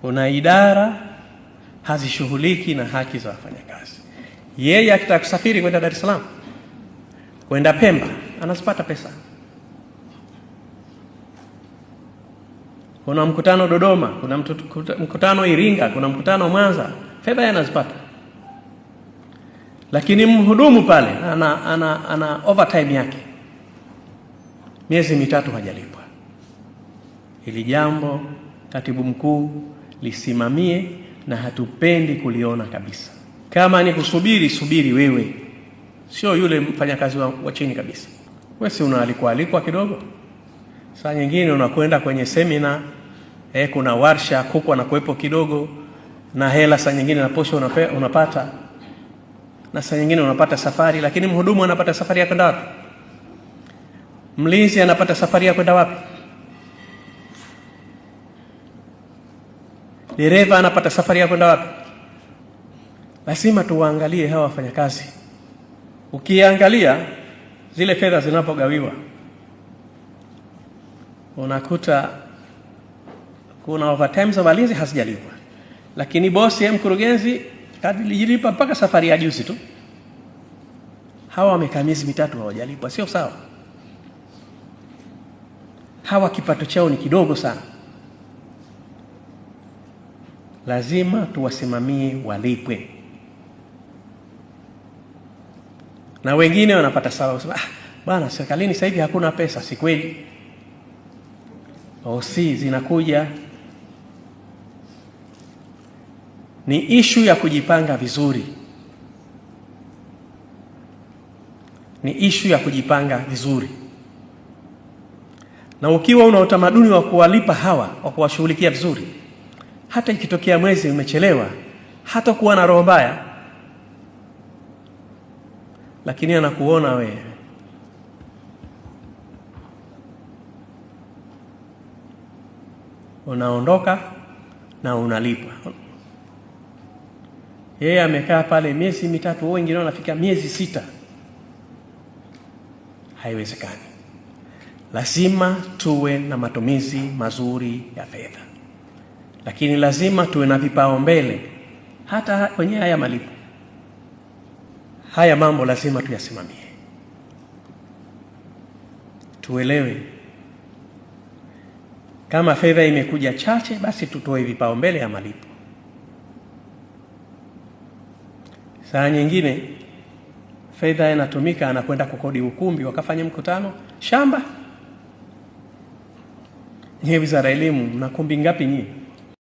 kuna idara hazishughuliki na haki za wafanyakazi. Yeye akitaka kusafiri kwenda Dar es Salaam, kwenda Pemba, anazipata pesa. Kuna mkutano Dodoma, kuna mkutano Iringa, kuna mkutano Mwanza, fedha anazipata. Lakini mhudumu pale ana, ana, ana overtime yake, miezi mitatu hajalipwa. Hili jambo katibu mkuu lisimamie, na hatupendi kuliona kabisa. Kama ni kusubiri, subiri wewe, sio yule mfanyakazi wa, wa chini kabisa. Wewe si unaalikwa alikwa kidogo, saa nyingine unakwenda kwenye semina eh, kuna warsha na kuwepo kidogo, na hela saa nyingine na posho unape, unapata na saa nyingine unapata safari, lakini mhudumu anapata safari ya kwenda wapi? Mlinzi anapata safari ya kwenda wapi? dereva anapata safari ya kwenda wapi? Lazima tuwaangalie hawa wafanyakazi. Ukiangalia zile fedha zinapogawiwa, unakuta kuna overtime za walinzi hazijalipwa, lakini bosi ya eh, mkurugenzi alijilipa mpaka safari ya juzi tu. Hawa wamekaa miezi mitatu hawajalipwa, sio sawa. Hawa kipato chao ni kidogo sana lazima tuwasimamie walipwe. Na wengine wanapata sababu sema, ah, serikalini sasa hivi hakuna pesa. Si kweli, osi oh, zinakuja. Ni ishu ya kujipanga vizuri, ni ishu ya kujipanga vizuri na ukiwa una utamaduni wa kuwalipa hawa wa kuwashughulikia vizuri hata ikitokea mwezi umechelewa, hata kuwa na roho mbaya, lakini anakuona wewe. Unaondoka na unalipwa. Yeye amekaa pale miezi mitatu, wao wengine wanafika miezi sita. Haiwezekani. Lazima tuwe na matumizi mazuri ya fedha lakini lazima tuwe na vipao mbele hata kwenye haya malipo. Haya mambo lazima tuyasimamie, tuelewe kama fedha imekuja chache, basi tutoe vipao mbele ya malipo. Saa nyingine fedha inatumika, anakwenda kukodi ukumbi, wakafanya mkutano shamba. Nyie wizara ya elimu mna kumbi ngapi nyinyi?